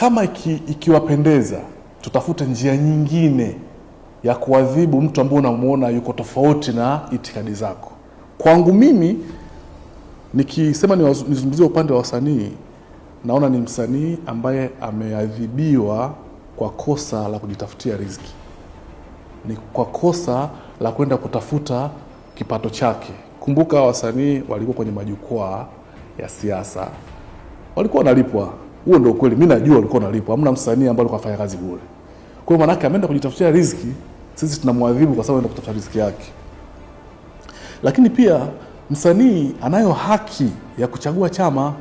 Kama iki, ikiwapendeza tutafute njia nyingine ya kuadhibu mtu ambaye unamuona yuko tofauti na itikadi zako. Kwangu mimi nikisema nizungumzie upande wa wasanii, naona ni msanii ambaye ameadhibiwa kwa kosa la kujitafutia riziki, ni kwa kosa la kwenda kutafuta kipato chake. Kumbuka wasanii walikuwa kwenye majukwaa ya siasa, walikuwa wanalipwa huo ndio ukweli. Mimi najua walikuwa wanalipwa. Hamna msanii ambaye alikuwa afanya kazi bure. Kwa hiyo manake ameenda kujitafutia riziki, sisi tunamwadhibu kwa sababu anaenda kutafuta riziki yake. Lakini pia msanii anayo haki ya kuchagua chama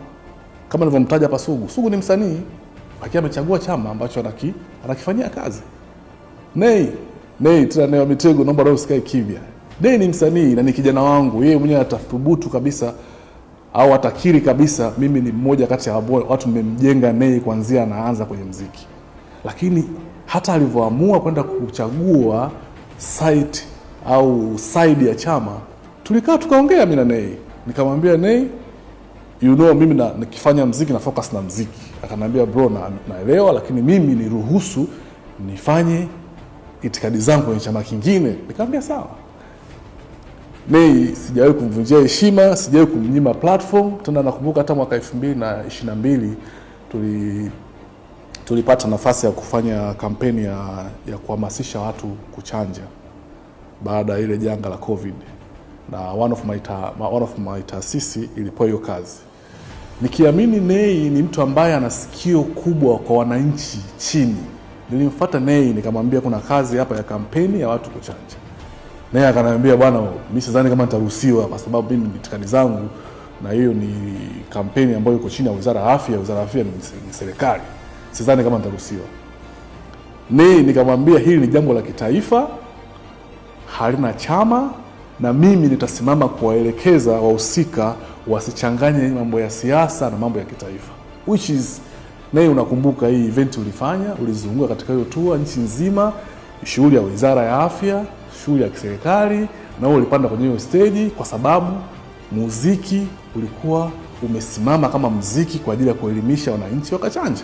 kama nilivyomtaja hapa Sugu. Sugu ni msanii akiwa amechagua chama ambacho anaki, anakifanyia kazi. Nei, Nei tena Nei wa Mitego, naomba roho sikae kimya. Nei ni msanii na ni kijana wangu, yeye mwenyewe atathubutu kabisa au atakiri kabisa, mimi ni mmoja kati ya watu mmemjenga Nay kuanzia anaanza kwenye mziki. Lakini hata alivyoamua kwenda kuchagua site au side ya chama, tulikaa tukaongea mimi na Nay, nikamwambia Nay, you know, mimi na, nikifanya mziki na focus na mziki. Akanambia bro, na, naelewa lakini mimi niruhusu nifanye itikadi zangu kwenye chama kingine. Nikamwambia sawa. Nay sijawahi kumvunjia heshima, sijawahi kumnyima platform. Tena nakumbuka hata mwaka 2022 tuli tulipata nafasi ya kufanya kampeni ya, ya kuhamasisha watu kuchanja baada ya ile janga la COVID, na one of my ta, one of my taasisi ilipewa hiyo kazi, nikiamini Nei ni mtu ambaye ana sikio kubwa kwa wananchi chini. Nilimfuata Nei nikamwambia kuna kazi hapa ya kampeni ya watu kuchanja naye akaniambia, bwana, mimi sidhani kama nitaruhusiwa kwa sababu mimi ni itikadi zangu, na hiyo ni kampeni ambayo iko chini ya Wizara ya Afya. Wizara ya Afya ni serikali, sidhani kama nitaruhusiwa. Ni nikamwambia hili ni jambo la kitaifa, halina chama, na mimi nitasimama kuwaelekeza wahusika wasichanganye mambo ya siasa na mambo ya kitaifa, which is naye, unakumbuka hii event ulifanya, ulizunguka katika hiyo tour nchi nzima shughuli ya Wizara ya Afya, shughuli ya kiserikali, na wewe ulipanda kwenye hiyo steji kwa sababu muziki ulikuwa umesimama kama muziki kwa ajili ya kuelimisha wananchi wakachanja.